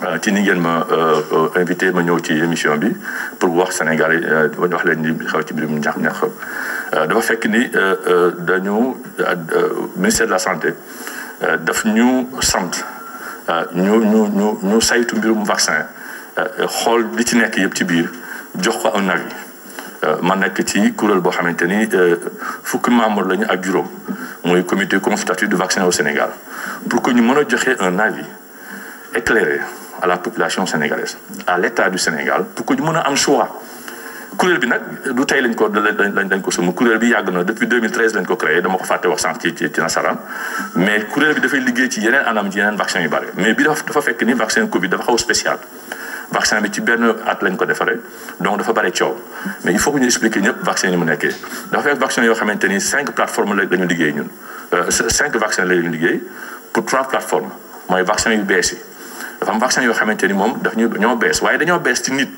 Euh, ci ni ngeen ma euh, euh, invité ma ñëw ci émission bi pour wax Sénégal yi wax leen ni xew ci mu ñax ñax dafa fekk ni dañu ministère de la santé daf ñu sant ñu ñu ñu ñu saytu mbirum vaccin xool li ci nekk yëpp ci biir jox ko un avis ma nekk ci kuréel boo xamante ni fukki membre lañu ak juróom mooy comité consultatif du vaccin au Sénégal pour que ñu mën a joxe un avis éclairé à la population sénégalaise à l'état du Sénégal pour que ñu mën a am choix kuréel bi nag du tey lañ ko lañ lañ ko sumb kuréel bi yàgg na depuis 2013 lañ ko créé dama ko fàtte wax sànq ci ci nasaraan mais kuréel bi dafay liggéey ci yeneen anam ci yeneen vaccin yu bari mais bi dafa fekk ni vaccin Covid dafa xaw spécial. vaccin bi ci benn at lañ ko defaree donc dafa bari coow mais il faut que ñu expliquer ñëpp vaccin yi mu nekkee dafa fekk vaccin yoo xamante ni cinq plateformes la ñu liggéey ñun euh, cinq vaccin la liggéey pour trois plateformes mooy vaccin yu bees yi dafa am vaccin yoo xamante ni moom daf ñu dañoo bees waaye dañoo bees ci nit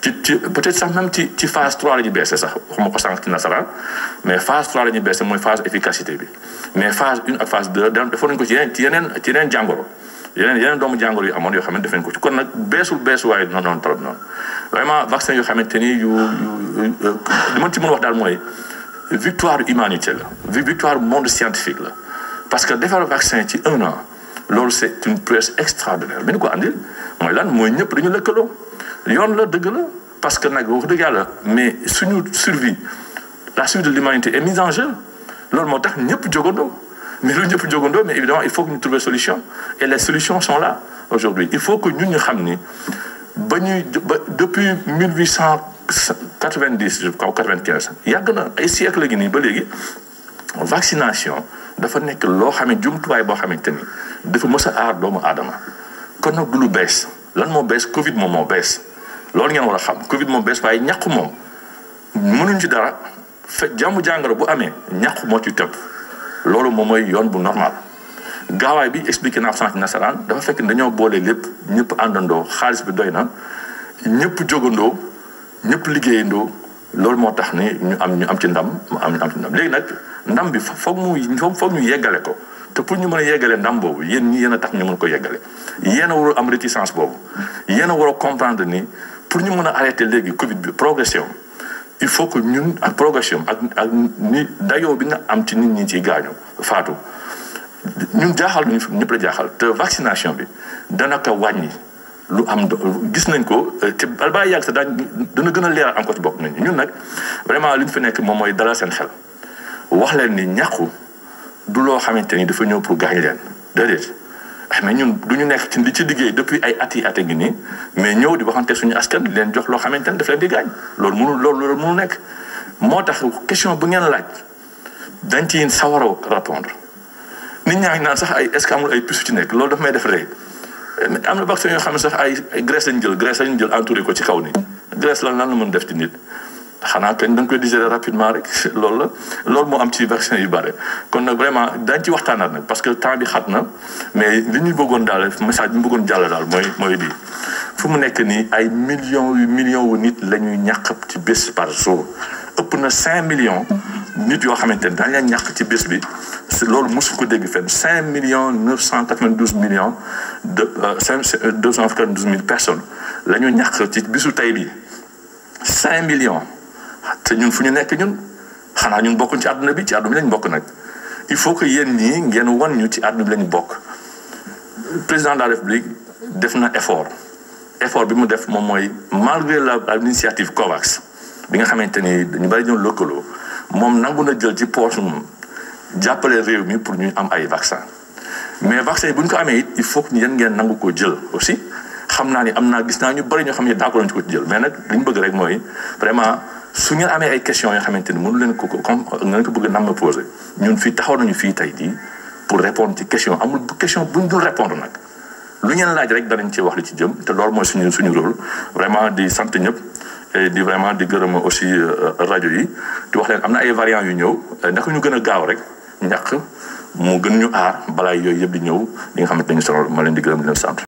ci ci sax même ci ci phase 3 la ñu beese sax waxuma ko sànq ci nasaraan mais phase 3 la ñu beese mooy phase efficacité bi mais phase 1 ak phase 2 defoon nañu ko ci yeneen yeneen ci yeneen jàngoro yeneen yeneen doomu jàngoro yu amoon yoo xamante def nañu ko ci kon nag beesul bees waaye noonu noonu trop noonu vraiment vaccin yoo xamante ni yu yu li ma ci mën wax daal mooy victoire humanité la victoire monde scientifique la parce que defar vaccin ci un an. loolu c' est une presse extraordinaire bi ñu ko andil mooy lan mooy ñëpp dañu lëkkaloo yoon la dëgg la parce que nag wax dëgg yàlla mais suñu survie la survie de l'humanité est mise en jeu loolu moo tax ñëpp jógandoo mais lu ñëpp jógandoo mais évidemment il faut que ñu trouver solution et les solutions sont là aujourd'hui il faut que ñun ñu xam ni ba ñuy ba depuis 1890 je crois 95 yàgg na ay siècle gi nii ba léegi vaccination dafa nekk loo xam ne jumtuwaay boo xamante ni dafa mës a aar doomu aadama kon nag du lu bees lan moo bees Covid moom moo bees loolu ngeen war a xam Covid moo bees waaye ñàkk moom mënuñ ci dara fekk jàmm jàngoro bu amee ñàkk moo ci tëb loolu moom mooy yoon bu normal. gaawaay bi expliqué naa sànq nasaraan dafa fekk dañoo boolee lépp ñëpp àndandoo xaalis bi doy na ñëpp jógandoo ñëpp liggéeyandoo. loolu moo tax ni ñu am ñu am ci ndam mu am ñu am léegi nag ndam bi foog mu foog ñu yeggale ko te pour ñu mën a yeggale ndam boobu yéen ñi yéen a tax ñu mën ko yeggale yéen a war a am réticence boobu yéen a war a comprendre ni pour ñu mën a arrêter léegi Covid bi progression il faut que ñun ak progression ak ak ni dayoo bi nga am ci nit ñi ci gaañu faatu ñun jaaxal ñu ñëpp la jaaxal te vaccination bi dana ko wàññi. lu am gis nañ ko euh, te balaa yàgg sax daañu dana gën a leeral encore ci bopp nañu ñun nag vraiment li ñu nekk moom mooy dalal seen xel wax leen ni ñàkku du loo xamante ni dafa ñëw pour gaañ leen déedéet. Ah, mais ñun du ñu nekk ci li ci liggéey depuis ay at yi at ngi nii mais ñëw di waxante suñu askan di leen jox loo xamante ni daf leen di loolu mënul loolu loolu mënul nekk moo tax question bu ngeen laaj dañ ciy sawar a répondre nit ñaa naan sax ay est-ce que amul ay puces ci nekk loolu daf may def rëy. am na vaccin yoo xam ne sax ay ay graisse lañ jël graisse lañ jël entouré ko ci kaw nii graisse lan lan la mën def ci nit xanaa kañ da nga koy digérer rapidement rek loolu la loolu moo am ci vaccin yu bare kon nag parce que temps bi xat na mais li ñu bëggoon daal message bi ñu bëggoon jàll daal mooy mooy lii fu mu nekk nii ay millions yu millions wu nit la ñuy ñàq ci bés par jour ëpp na cinq million nit yoo xamante ne dañ leen ñàq ci bés bi loolu mosu ko dégg fenn cinq millions neuf cent quatre-vingt-douze millions de euh, cinq euh, deux cent quatre mille personnes la ñu ñàkk ci bisu tey bi cinq millions te ñun fu ñu nekk ñun xanaa ñun bokkuñ ci àdduna bi ci àdduna bi lañ bokk nag il faut que yéen ñii ngeen wan ñu ci àdduna bi lañu bokk président de la république def na effort effort bi mu def moom mooy malgré la l'initiative COVAX bi nga xamante ni dañu bari ñoo lëkkaloo moom nangu na jël ci poche moom jàppale réew mi pour ñu am ay vaccin mais vaccin bu ñu ko amee it il faut que yéen ngeen nangu ko jël aussi xam naa ni am naa gis naa ñu bari ñoo xam ne d'accord nañu ko jël mais nag li bëgg rek mooy vraiment su amee ay questions yoo xamante ni mënu leen ko comme ngeen ko bëgg nam ma posé ñun fii taxaw nañu fii tey jii pour répondre ci question amul question bu ñu dul répondre nag lu ngeen laaj rek danañ ci wax li ci jëm te loolu mooy suñu suñu rôle vraiment di sant ñëpp di vraiment di gërëm aussi euh, rajo yi di wax leen am na ay variants yu ñëw ndax ñu gën a gaaw rek. ñàq moo gën ñu aar balaa yooyu yëpp di ñëw li nga xamante ni solo ma leen di gërëm di leen sant.